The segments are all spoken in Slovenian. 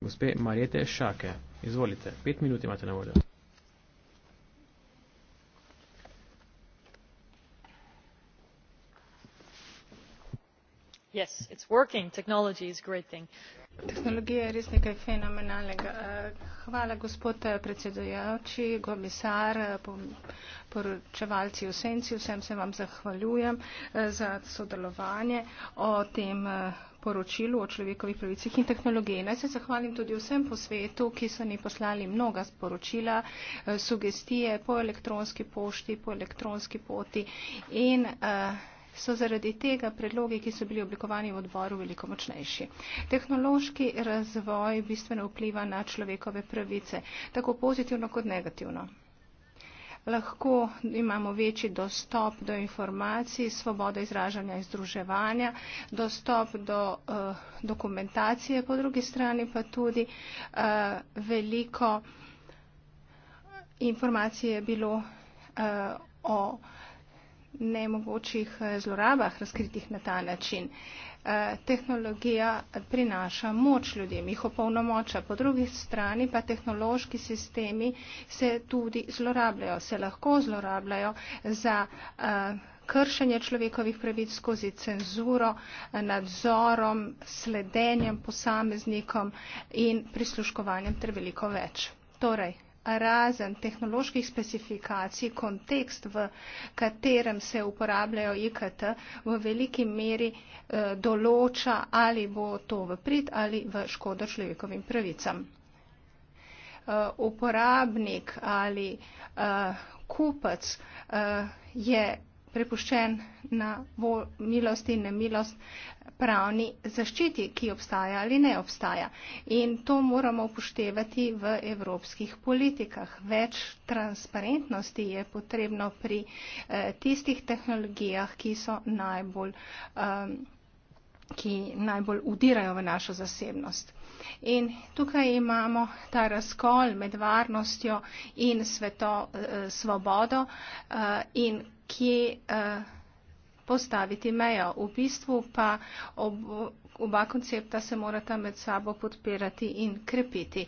Gospe Marjete Šake, izvolite, pet minut imate na voljo. Yes, it's working. Technology is a great thing. Tehnologija je res nekaj fenomenalnega. Hvala, gospod predsedojoči, komisar, poročevalci v senci, vsem se vam zahvaljujem eh, za sodelovanje o tem eh, poročilu o človekovih pravicih in tehnologiji. Naj se zahvalim tudi vsem po svetu, ki so mi poslali mnoga sporočila, eh, sugestije po elektronski pošti, po elektronski poti in eh, so zaradi tega predlogi, ki so bili oblikovani v odboru, veliko močnejši. Tehnološki razvoj bistveno vpliva na človekove pravice, tako pozitivno kot negativno lahko imamo večji dostop do informacij, svobode izražanja in združevanja, dostop do uh, dokumentacije, po drugi strani pa tudi uh, veliko informacije je bilo uh, o nemogočih eh, zlorabah, razkritih na ta način. Eh, tehnologija prinaša moč ljudem, jih opolnomoča, po drugi strani pa tehnološki sistemi se tudi zlorabljajo, se lahko zlorabljajo za eh, kršenje človekovih pravic skozi cenzuro, nadzorom, sledenjem posameznikom in prisluškovanjem ter veliko več. Torej, razen tehnoloških specifikacij, kontekst, v katerem se uporabljajo IKT, v veliki meri eh, določa, ali bo to v prid ali v škodo človekovim pravicam. Eh, uporabnik ali eh, kupec eh, je prepuščen na milost in nemilost pravni zaščiti, ki obstaja ali ne obstaja. In to moramo upoštevati v evropskih politikah. Več transparentnosti je potrebno pri eh, tistih tehnologijah, ki so najbolj. Um, ki najbolj udirajo v našo zasebnost. In tukaj imamo ta razkol med varnostjo in sveto, eh, svobodo eh, in kje eh, postaviti mejo. V bistvu pa oba koncepta se morata med sabo podpirati in krepiti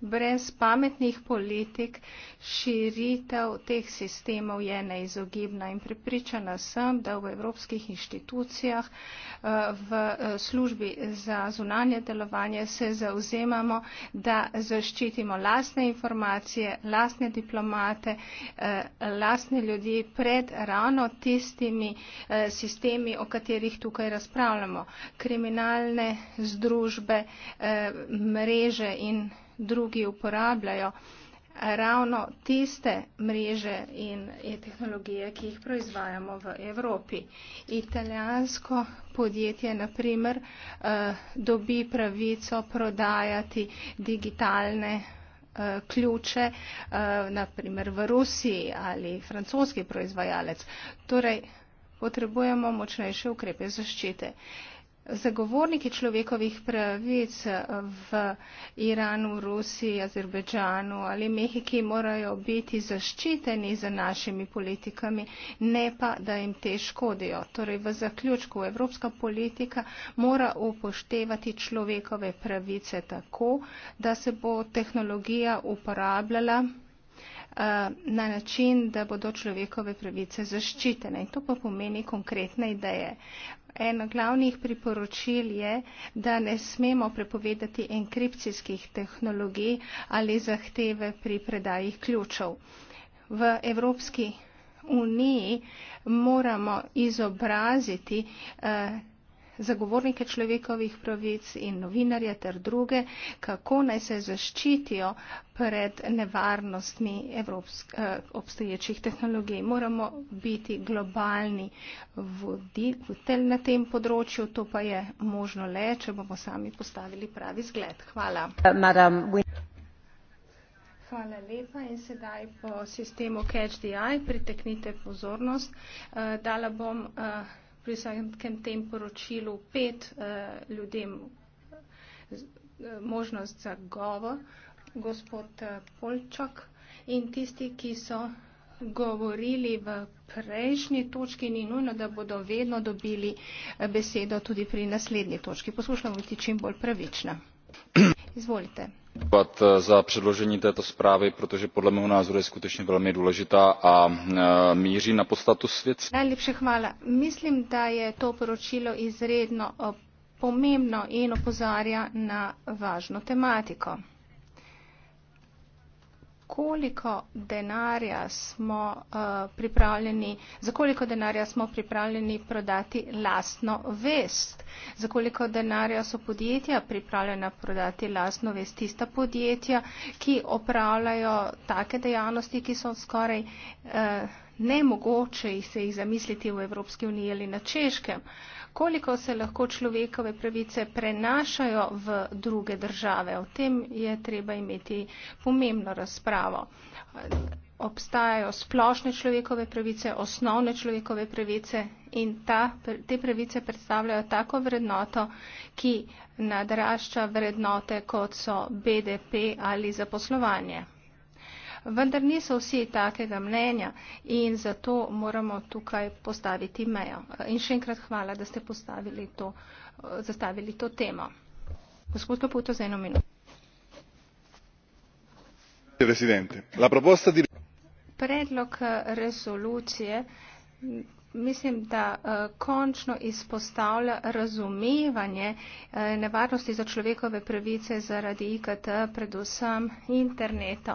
brez pametnih politik širitev teh sistemov je neizogibna in pripričana sem, da v evropskih inštitucijah, eh, v eh, službi za zunanje delovanje se zauzemamo, da zaščitimo lastne informacije, lastne diplomate, eh, lastne ljudi pred ravno tistimi sistemi, o katerih tukaj razpravljamo. Kriminalne združbe, mreže in drugi uporabljajo ravno tiste mreže in tehnologije, ki jih proizvajamo v Evropi. Italijansko podjetje, na primer, eh, dobi pravico prodajati digitalne eh, ključe, eh, naprimer v Rusiji ali francoski proizvajalec. Torej, potrebujemo močnejše ukrepe zaščite zagovorniki človekovih pravic v Iranu, Rusiji, Azerbejdžanu ali Mehiki morajo biti zaščiteni za našimi politikami, ne pa, da jim te škodijo. Torej, v zaključku evropska politika mora upoštevati človekove pravice tako, da se bo tehnologija uporabljala eh, na način, da bodo človekove pravice zaščitene. In to pa pomeni konkretne ideje. Eno glavnih priporočil je, da ne smemo prepovedati enkripcijskih tehnologij ali zahteve pri predajih ključev. V Evropski uniji moramo izobraziti eh, zagovornike človekovih pravic in novinarje ter druge, kako naj se zaščitijo pred nevarnostmi evropsk, eh, obstoječih tehnologij. Moramo biti globalni voditelj na tem področju, to pa je možno le, če bomo sami postavili pravi zgled. Hvala. Madam, we... Hvala lepa in sedaj po sistemu Catch the Eye priteknite pozornost. Eh, dala bom. Eh, pri vsakem tem poročilu pet eh, ljudem z, eh, možnost za govor, gospod eh, Polčak in tisti, ki so govorili v prejšnji točki, ni nujno, da bodo vedno dobili eh, besedo tudi pri naslednji točki. Poslušamo biti čim bolj pravična. Izvolite poděkovat eh, za předložení této zprávy protože podle mého názoru je skutečně velmi důležitá a eh, míří na podstatu věci. myslím že je to poročilo izredno eh, pomembno in opozarja na važno tematiko koliko denarja smo uh, pripravljeni, za koliko denarja smo pripravljeni prodati lastno vest, za koliko denarja so podjetja pripravljena prodati lastno vest, tista podjetja, ki opravljajo take dejavnosti, ki so skoraj uh, nemogoče se jih zamisliti v Evropski uniji ali na Češkem. Uh, koliko se lahko človekove pravice prenašajo v druge države. O tem je treba imeti pomembno razpravo. Obstajajo splošne človekove pravice, osnovne človekove pravice in ta, te pravice predstavljajo tako vrednoto, ki nadrašča vrednote, kot so BDP ali zaposlovanje vendar niso vsi takega mnenja in zato moramo tukaj postaviti mejo. In še enkrat hvala, da ste postavili to, zastavili to temo. Gospod Kaputo, za eno minuto. Predlog resolucije mislim, da eh, končno izpostavlja razumevanje eh, nevarnosti za človekove pravice zaradi IKT, predvsem internetu.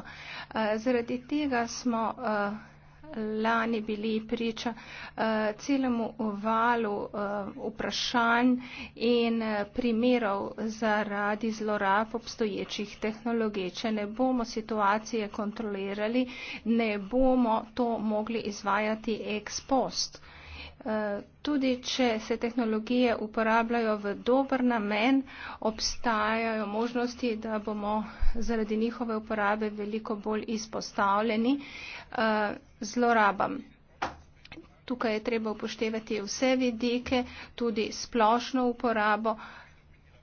Eh, zaradi tega smo lani bili priča uh, celemu valu uh, vprašanj in eh, primerov zaradi zlorab obstoječih tehnologij. Če ne bomo situacije kontrolirali, ne bomo to mogli izvajati ex post. Uh, Eh, tudi če se tehnologije uporabljajo v dober namen, obstajajo možnosti, da bomo zaradi njihove uporabe veliko bolj izpostavljeni eh, zlorabam. Tukaj je treba upoštevati vse vidike, tudi splošno uporabo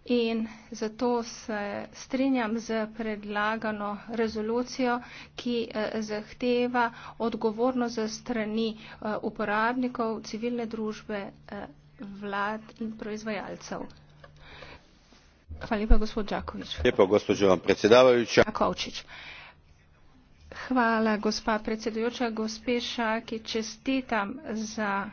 in zato se strinjam z predlagano rezolucijo, ki eh, zahteva odgovorno za strani eh, uporabnikov, civilne družbe, eh, vlad in proizvajalcev. Hvala lepa, gospod Đaković. Hvala lepa, gospođo predsjedavajuća. Jakovčić. Hvala, gospa predsjedujoča, gospe Šaki, čestitam za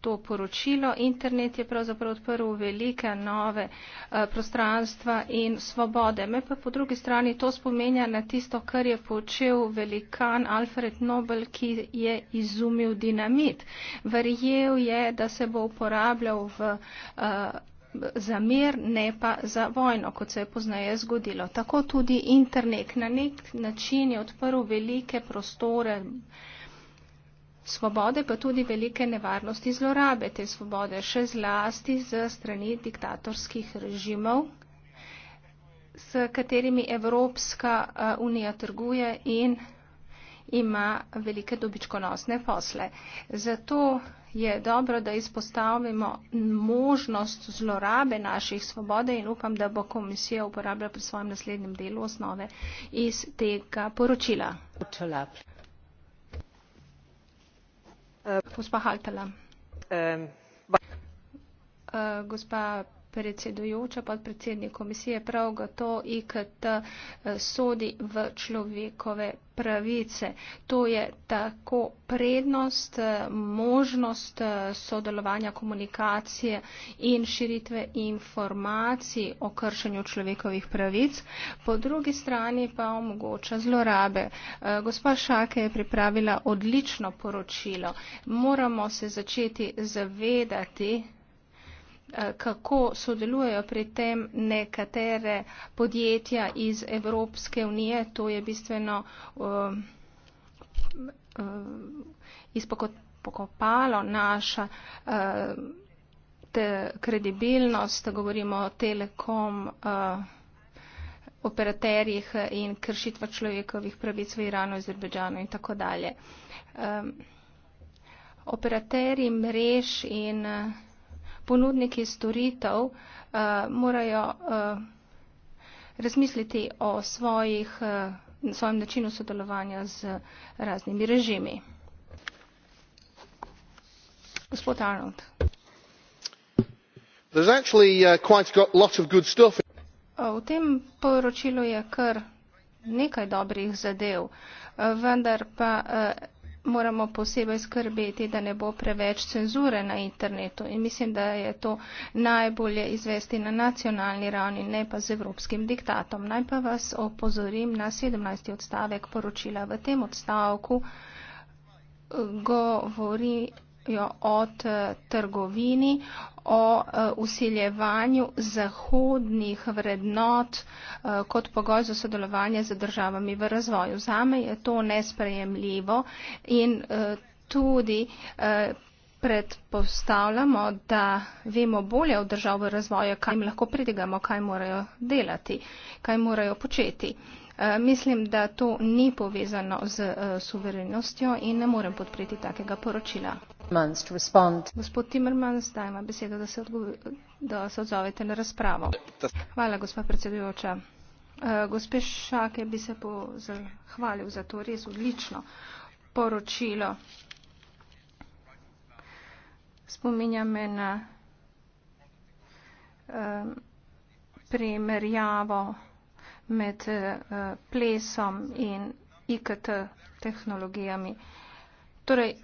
to poročilo. Internet je pravzaprav odprl velike nove eh, prostranstva in svobode. Me pa po drugi strani to spomenja na tisto, kar je počel velikan Alfred Nobel, ki je izumil dinamit. Verjel je, da se bo uporabljal v. Uh, za mir, ne pa za vojno, kot se je poznaje zgodilo. Tako tudi internet na nek način je odprl velike prostore svobode, pa tudi velike nevarnosti zlorabe te svobode, še zlasti z strani diktatorskih režimov, s katerimi Evropska eh, unija trguje in ima velike dobičkonosne posle. Zato je dobro, da izpostavimo možnost zlorabe naših svobode in upam, da bo komisija uporabljala pri svojem naslednjem delu osnove iz tega poročila. Učelabli. Eh, gospa haltala eh, gospa pirker predsedujoča, podpredsednik komisije, prav gotovo IKT eh, sodi v človekove pravice. To je tako prednost, eh, možnost eh, sodelovanja, komunikacije in širitve informacij o kršenju človekovih pravic, po drugi strani pa omogoča zlorabe. Gospa Šake je pripravila odlično poročilo. Moramo se začeti zavedati, Eh, kako sodelujejo pri tem nekatere podjetja iz Evropske unije. To je bistveno eh, eh, izpokopalo naša kredibilnost. Govorimo o telekom operaterjih in kršitva človekovih pravic v Iranu, Azerbejdžanu in tako dalje. Operaterji mrež in uh, ponudniki storitev uh, morajo uh, razmisliti o svojih, uh, svojem načinu sodelovanja z raznimi režimi. Gospod Arnold. Actually, uh, quite got lot of good stuff. V tem poročilu je kar nekaj dobrih zadev, vendar pa uh, moramo posebej skrbeti, da ne bo preveč cenzure na internetu. In mislim, da je to najbolje izvesti na nacionalni ravni, ne pa z evropskim diktatom. Naj pa vas opozorim na 17. odstavek poročila. V tem odstavku eh, govori govorijo o eh, trgovini, o eh, usiljevanju zahodnih vrednot eh, kot pogoj za sodelovanje z državami v razvoju. Zame je to nesprejemljivo in tudi predpostavljamo, da vemo bolje od držav v razvoju, kaj jim lahko pridigamo, kaj morajo delati, kaj morajo početi. Mislim, da to ni povezano z suverenostjo in ne morem podpreti takega poročila gospod timmermans dajem vam besedo da se, da se odzovete na razpravo hvala gospa predsedujoča eh, gospe šake bi se po zahvalil za to res odlično poročilo spominja me na um, primerjavo med uh, plesom in IKT tehnologijami. Torej,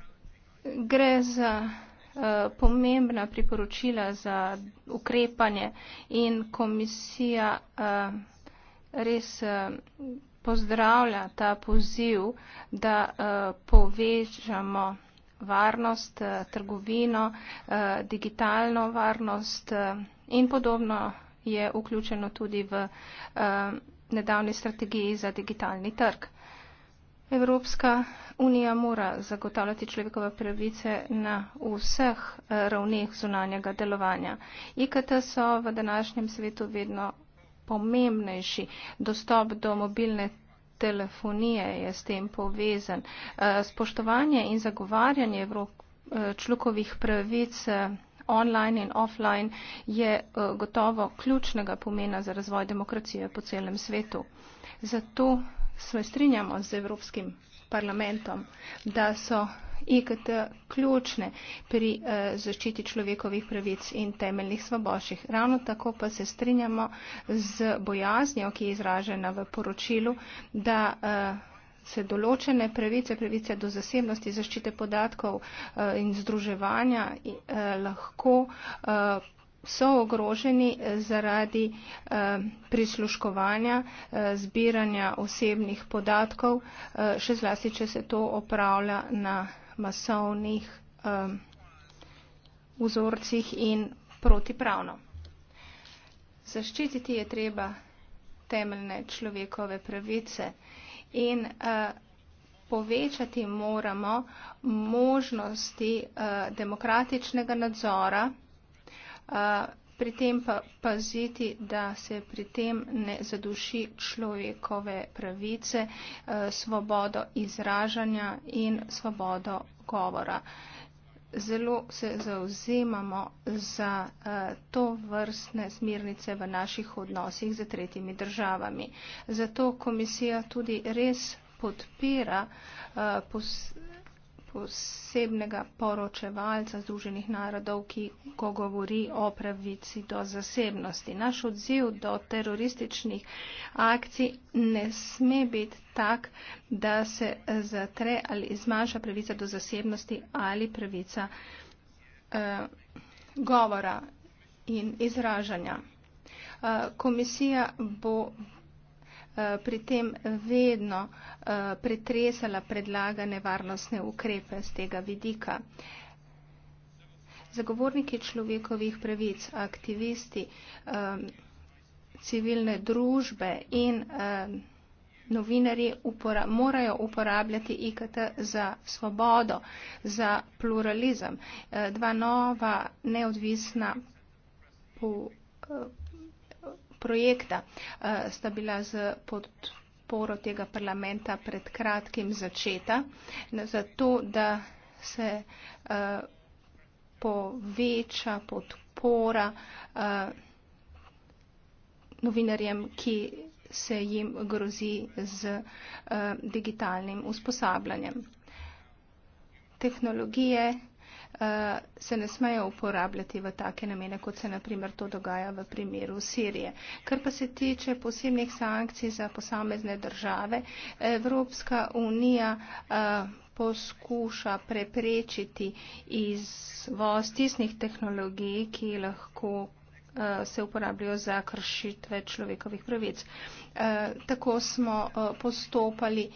gre za uh, pomembna priporočila za ukrepanje in komisija uh, res uh, pozdravlja ta poziv, da uh, povežamo varnost, uh, trgovino, uh, digitalno varnost uh, in podobno je vključeno tudi v uh, nedavni strategiji za digitalni trg. Evropska unija mora zagotavljati človekove pravice na vseh eh, ravneh zunanjega delovanja. IKT so v današnjem svetu vedno pomembnejši. Dostop do mobilne telefonije je s tem povezan. Eh, spoštovanje in zagovarjanje eh, človekovih pravic online in offline je gotovo ključnega pomena za razvoj demokracije po celem svetu. Zato se strinjamo z Evropskim parlamentom, da so IKT e ključne pri eh, zaščiti človekovih pravic in temeljnih svoboših. Ravno tako pa se strinjamo z bojaznjo, ki je izražena v poročilu, da eh, se določene pravice, pravice do zasebnosti, zaščite podatkov eh, in združevanja eh, lahko eh, so ogroženi eh, zaradi eh, prisluškovanja, eh, zbiranja osebnih podatkov, še zlasti, če se to opravlja na masovnih vzorcih in protipravno. Zaščititi je treba temeljne človekove pravice in povečati moramo možnosti demokratičnega nadzora, pri tem pa paziti, da se pri tem ne zaduši človekove pravice, e, svobodo izražanja in svobodo govora. Zelo se zauzemamo za e, to vrstne smirnice v naših odnosih z tretjimi državami. Zato komisija tudi res podpira e, posebej posebnega poročevalca Združenih narodov, ki ko govori o pravici do zasebnosti. Naš odziv do terorističnih akcij ne sme biti tak, da se zatre ali zmanjša pravica do zasebnosti ali pravica eh, govora in izražanja. Eh, komisija bo Eh, pri tem vedno eh, pretresala predlagane varnostne ukrepe z tega vidika. Zagovorniki človekovih pravic, aktivisti, eh, civilne družbe in novinari upora, morajo uporabljati IKT za svobodo, za pluralizem. Dva nova neodvisna po, projekta. Eh, sta bila z podporo tega parlamenta pred kratkim začeta, zato da se eh, poveča podpora eh, novinarjem, ki se jim grozi z digitalnim usposabljanjem. Tehnologije se ne smejo uporabljati v take namene, kot se naprimer to dogaja v primeru Sirije. Kar pa se tiče posebnih sankcij za posamezne države, Evropska unija eh, poskuša preprečiti izvoz tisnih tehnologij, ki lahko eh, se uporabljajo za kršitve človekovih pravic. E, tako smo postopali e,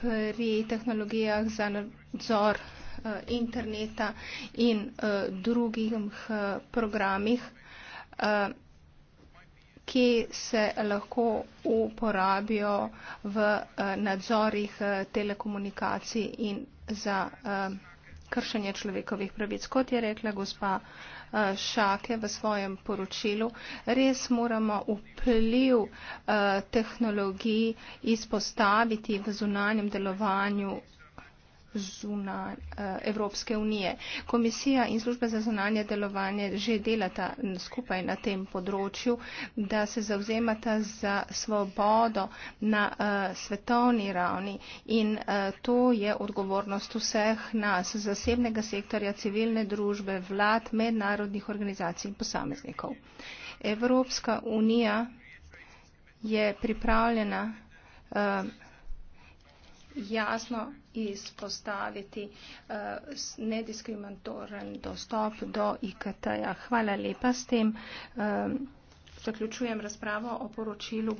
pri tehnologijah za nadzor Eh, interneta in eh, drugih eh, programih, ki se lahko uporabijo v nadzorih telekomunikacij in za kršenje človekovih pravic. Kot je rekla gospa Šake v svojem poročilu, res moramo vpliv tehnologij izpostaviti v zunanjem delovanju zunaj eh, Evropske unije. Komisija in službe za zunanje delovanje že delata skupaj na tem področju, da se zauzemata za svobodo na eh, svetovni ravni in eh, to je odgovornost vseh nas, zasebnega sektorja, civilne družbe, vlad, mednarodnih organizacij in posameznikov. Evropska unija je pripravljena jasno izpostaviti uh, nediskriminatoren dostop do IKT-ja. Hvala lepa s tem. Um, zaključujem razpravo o poročilu.